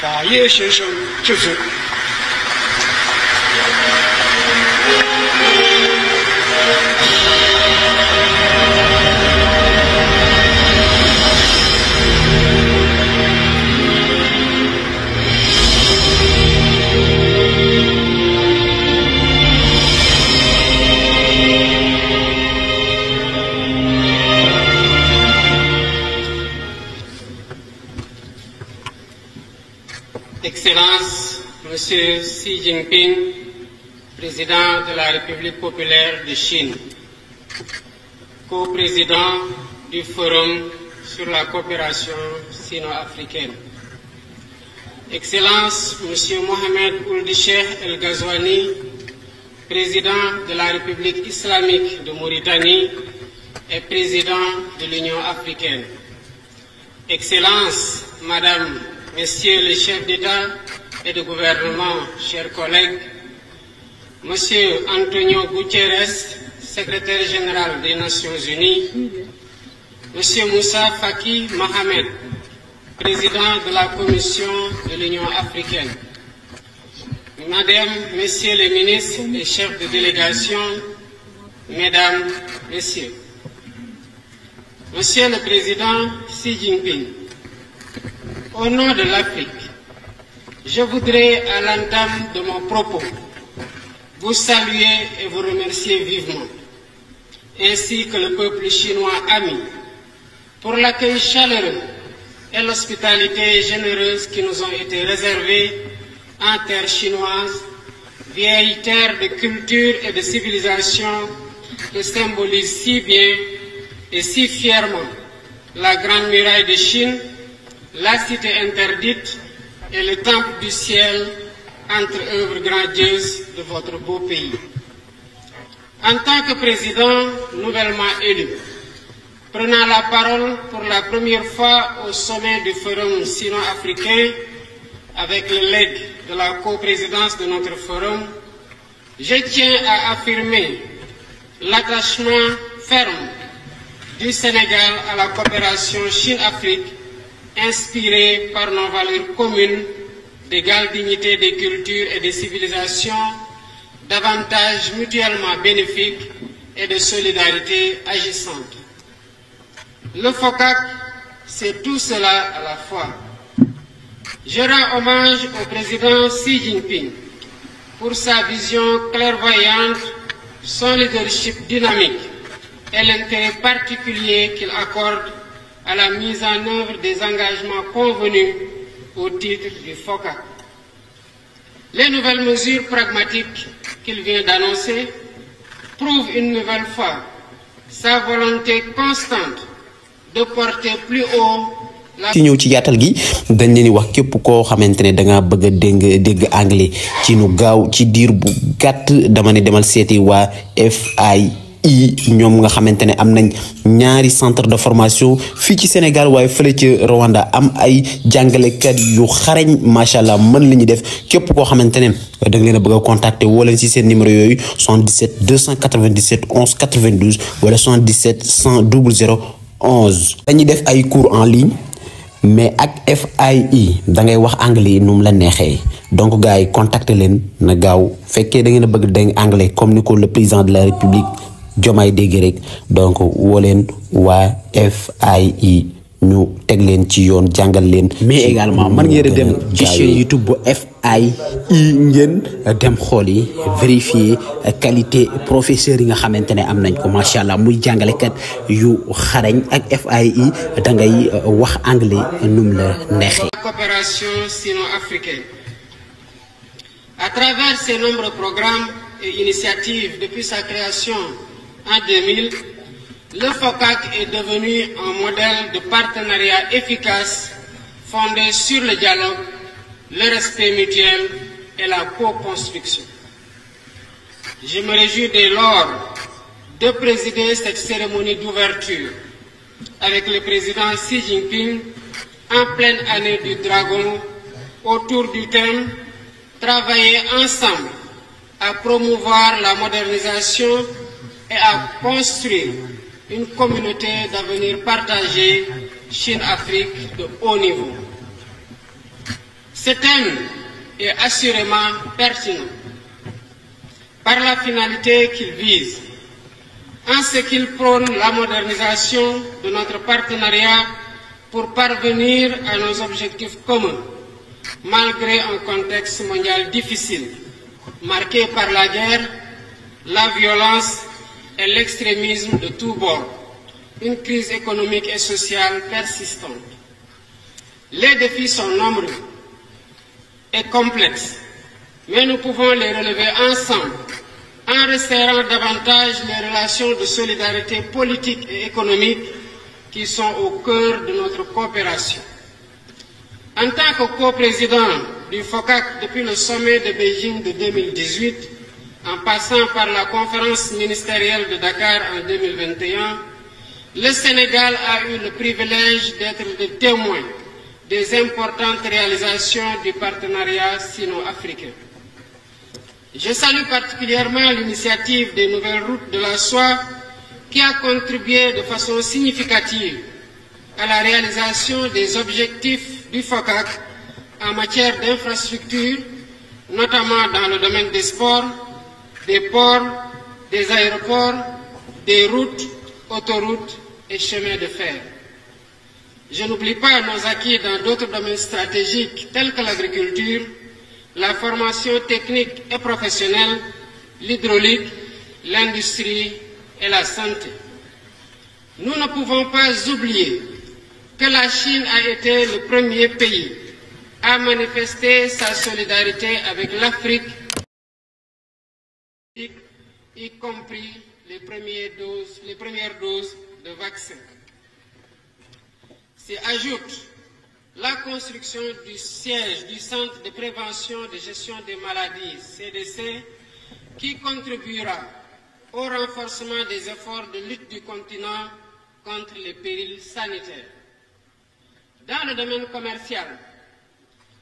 法耶先生致辞。Excellence Monsieur Xi Jinping, président de la République populaire de Chine, co-président du Forum sur la coopération sino-africaine. Excellence Monsieur Mohamed Ould El Ghazouani, président de la République islamique de Mauritanie et président de l'Union africaine. Excellence Madame, Messieurs les chefs d'État, et du gouvernement, chers collègues, Monsieur Antonio Guterres, secrétaire général des Nations Unies, Monsieur Moussa Faki Mohamed, président de la Commission de l'Union africaine, Madame, Messieurs les ministres et chefs de délégation, Mesdames, Messieurs, Monsieur le Président Xi Jinping, au nom de l'Afrique, je voudrais, à l'entame de mon propos, vous saluer et vous remercier vivement, ainsi que le peuple chinois ami, pour l'accueil chaleureux et l'hospitalité généreuse qui nous ont été réservées en terre chinoise, vieille terre de culture et de civilisation que symbolise si bien et si fièrement la Grande Muraille de Chine, la cité interdite, et le temple du ciel, entre œuvres grandieuses de votre beau pays. En tant que président nouvellement élu, prenant la parole pour la première fois au sommet du Forum sino-africain avec l'aide de la coprésidence de notre forum, je tiens à affirmer l'attachement ferme du Sénégal à la coopération Chine-Afrique inspiré par nos valeurs communes d'égale dignité des cultures et des civilisations, davantage mutuellement bénéfiques et de solidarité agissante. Le FOCAC, c'est tout cela à la fois. Je rends hommage au président Xi Jinping pour sa vision clairvoyante, son leadership dynamique et l'intérêt particulier qu'il accorde à la mise en œuvre des engagements convenus au titre du FOCA. Les nouvelles mesures pragmatiques qu'il vient d'annoncer prouvent une nouvelle fois sa volonté constante de porter plus haut ci i ñoom nga xamantene am nañ ñaari centre de formation fi ci Sénégal way fële ci Rwanda am ay kat yu xarañ macha allah mën li ñu def képp ko xamantene ne da nga leen bëgg contacter wo leen ci seen numéro yoyu 77 297 11 92 wala 77 100 00 11. dañuy def ay cours en ligne. mais ak FII da ngay wax anglais num la nexé donc gaay contacter leen na gaaw fekkee da ngeen a bëgg dégg anglais comme ni ko le président de la république Diomaye dégg rek donc wolen wa FII ñu teg len ci yoon jangal len mais également man ngeen dem ci chaîne YouTube bu FII ngeen dem xool yi vérifier qualité professeur yi nga xamantene am nañ ko machallah muy muy kat yu xarañ ak FII da ngay euh, wax anglais num la neexee. coopération sino-africaine à travers ces nombreux programmes et initiatives depuis sa création en 2000, le FOCAC est devenu un modèle de partenariat efficace fondé sur le dialogue, le respect mutuel et la co-construction. Je me réjouis dès lors de présider cette cérémonie d'ouverture avec le président Xi Jinping en pleine année du Dragon autour du thème Travailler ensemble à promouvoir la modernisation et à construire une communauté d'avenir partagée Chine-Afrique de haut niveau. Ce thème est assurément pertinent par la finalité qu'il vise, en ce qu'il prône la modernisation de notre partenariat pour parvenir à nos objectifs communs, malgré un contexte mondial difficile, marqué par la guerre, la violence et l'extrémisme de tous bords, une crise économique et sociale persistante. Les défis sont nombreux et complexes, mais nous pouvons les relever ensemble en resserrant davantage les relations de solidarité politique et économique qui sont au cœur de notre coopération. En tant que co-président du FOCAC depuis le sommet de Beijing de 2018, en passant par la conférence ministérielle de Dakar en 2021, le Sénégal a eu le privilège d'être le témoin des importantes réalisations du partenariat sino-africain. Je salue particulièrement l'initiative des nouvelles routes de la soie qui a contribué de façon significative à la réalisation des objectifs du FOCAC en matière d'infrastructures, notamment dans le domaine des sports, des ports, des aéroports, des routes, autoroutes et chemins de fer. Je n'oublie pas nos acquis dans d'autres domaines stratégiques tels que l'agriculture, la formation technique et professionnelle, l'hydraulique, l'industrie et la santé. Nous ne pouvons pas oublier que la Chine a été le premier pays à manifester sa solidarité avec l'Afrique y, compris les premières, doses, de vaccins. S'y ajoute la construction du siège du Centre de prévention et de gestion des maladies, CDC, qui contribuera au renforcement des efforts de lutte du continent contre les périls sanitaires. Dans le domaine commercial,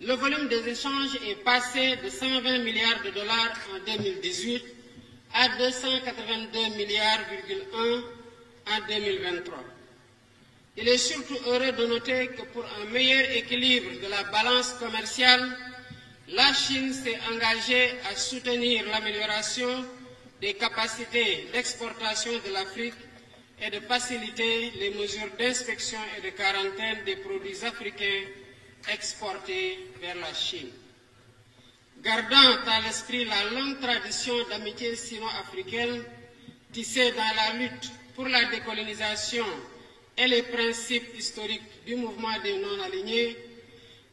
le volume des échanges est passé de 120 milliards de dollars en 2018 à 282 milliards en 2023. Il est surtout heureux de noter que pour un meilleur équilibre de la balance commerciale, la Chine s'est engagée à soutenir l'amélioration des capacités d'exportation de l'Afrique et de faciliter les mesures d'inspection et de quarantaine des produits africains exportés vers la Chine gardant à l'esprit la longue tradition d'amitié sino-africaine tissée dans la lutte pour la décolonisation et les principes historiques du mouvement des non-alignés,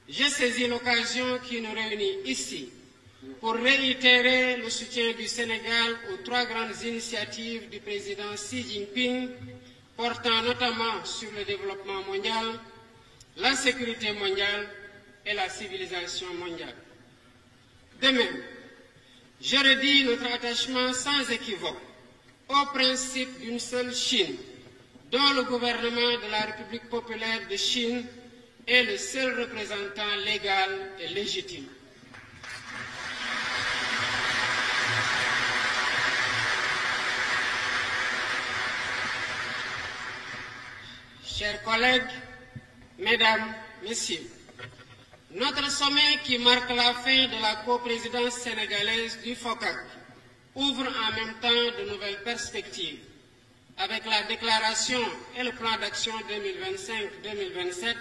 j'ai saisi l'occasion qui nous réunit ici pour réitérer le soutien du Sénégal aux trois grandes initiatives du président Xi Jinping portant notamment sur le développement mondial, la sécurité mondiale et la civilisation mondiale. De même, je redis notre attachement sans équivoque au principe d'une seule Chine, dont le gouvernement de la République populaire de Chine est le seul représentant légal et légitime. Chers collègues, Mesdames, Messieurs, notre sommet qui marque la fin de la coprésidence sénégalaise du FOCAC ouvre en même temps de nouvelles perspectives avec la déclaration et le plan d'action 2025-2027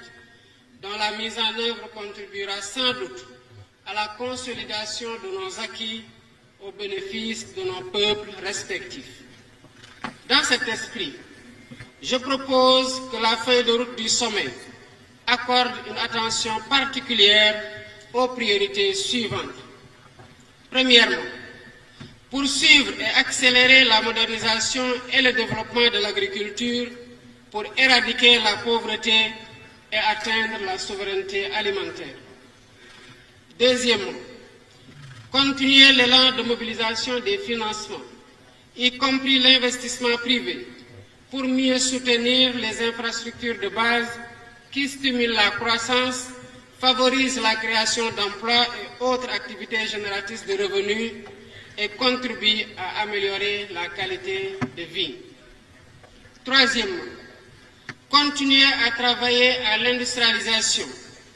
dont la mise en œuvre contribuera sans doute à la consolidation de nos acquis au bénéfice de nos peuples respectifs. Dans cet esprit, je propose que la feuille de route du sommet accorde une attention particulière aux priorités suivantes. Premièrement, poursuivre et accélérer la modernisation et le développement de l'agriculture pour éradiquer la pauvreté et atteindre la souveraineté alimentaire. Deuxièmement, continuer l'élan de mobilisation des financements, y compris l'investissement privé, pour mieux soutenir les infrastructures de base qui stimule la croissance, favorise la création d'emplois et autres activités génératrices de revenus et contribue à améliorer la qualité de vie. Troisièmement, continuer à travailler à l'industrialisation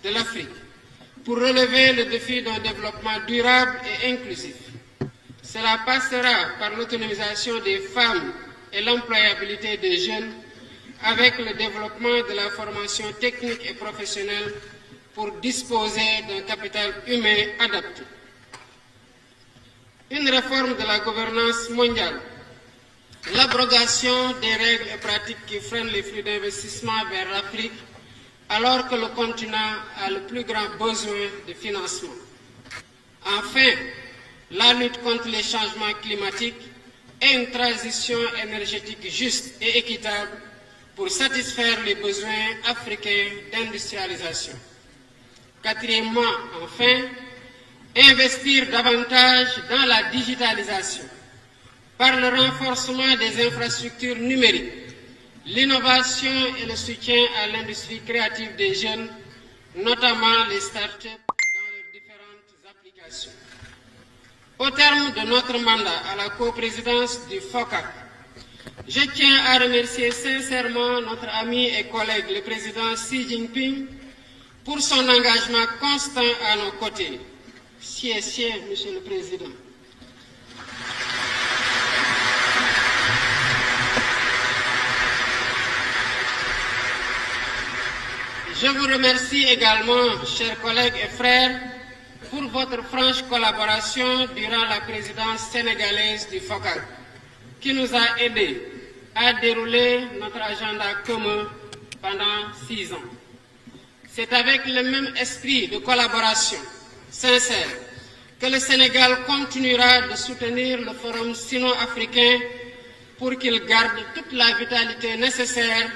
de l'Afrique pour relever le défi d'un développement durable et inclusif. Cela passera par l'autonomisation des femmes et l'employabilité des jeunes avec le développement de la formation technique et professionnelle pour disposer d'un capital humain adapté. Une réforme de la gouvernance mondiale, l'abrogation des règles et pratiques qui freinent les flux d'investissement vers l'Afrique alors que le continent a le plus grand besoin de financement. Enfin, la lutte contre les changements climatiques et une transition énergétique juste et équitable pour satisfaire les besoins africains d'industrialisation. Quatrièmement, enfin, investir davantage dans la digitalisation par le renforcement des infrastructures numériques, l'innovation et le soutien à l'industrie créative des jeunes, notamment les start startups dans leurs différentes applications. Au terme de notre mandat à la coprésidence du FOCAC, je tiens à remercier sincèrement notre ami et collègue, le président Xi Jinping, pour son engagement constant à nos côtés. Si et Monsieur le Président. Je vous remercie également, chers collègues et frères, pour votre franche collaboration durant la présidence sénégalaise du FOCAC qui nous a aidés à dérouler notre agenda commun pendant six ans. C'est avec le même esprit de collaboration sincère que le Sénégal continuera de soutenir le Forum sino-africain pour qu'il garde toute la vitalité nécessaire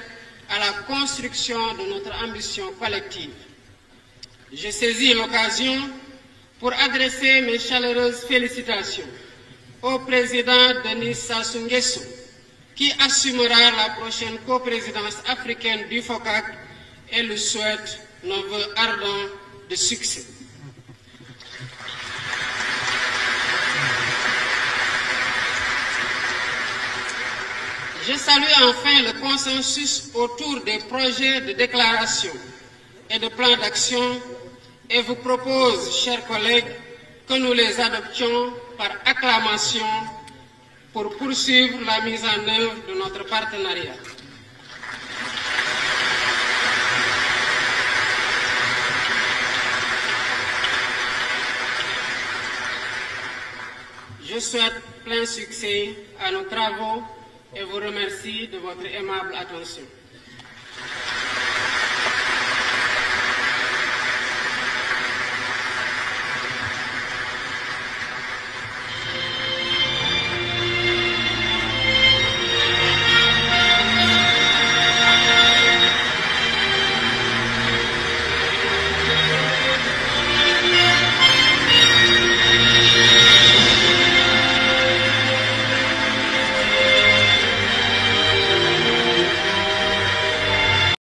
à la construction de notre ambition collective. Je saisis l'occasion pour adresser mes chaleureuses félicitations au président Denis Sassou Nguesso, qui assumera la prochaine coprésidence africaine du FOCAC et le souhaite nos voeux ardents de succès. Je salue enfin le consensus autour des projets de déclaration et de plans d'action et vous propose, chers collègues, que nous les adoptions par acclamation pour poursuivre la mise en œuvre de notre partenariat. Je souhaite plein succès à nos travaux et vous remercie de votre aimable attention.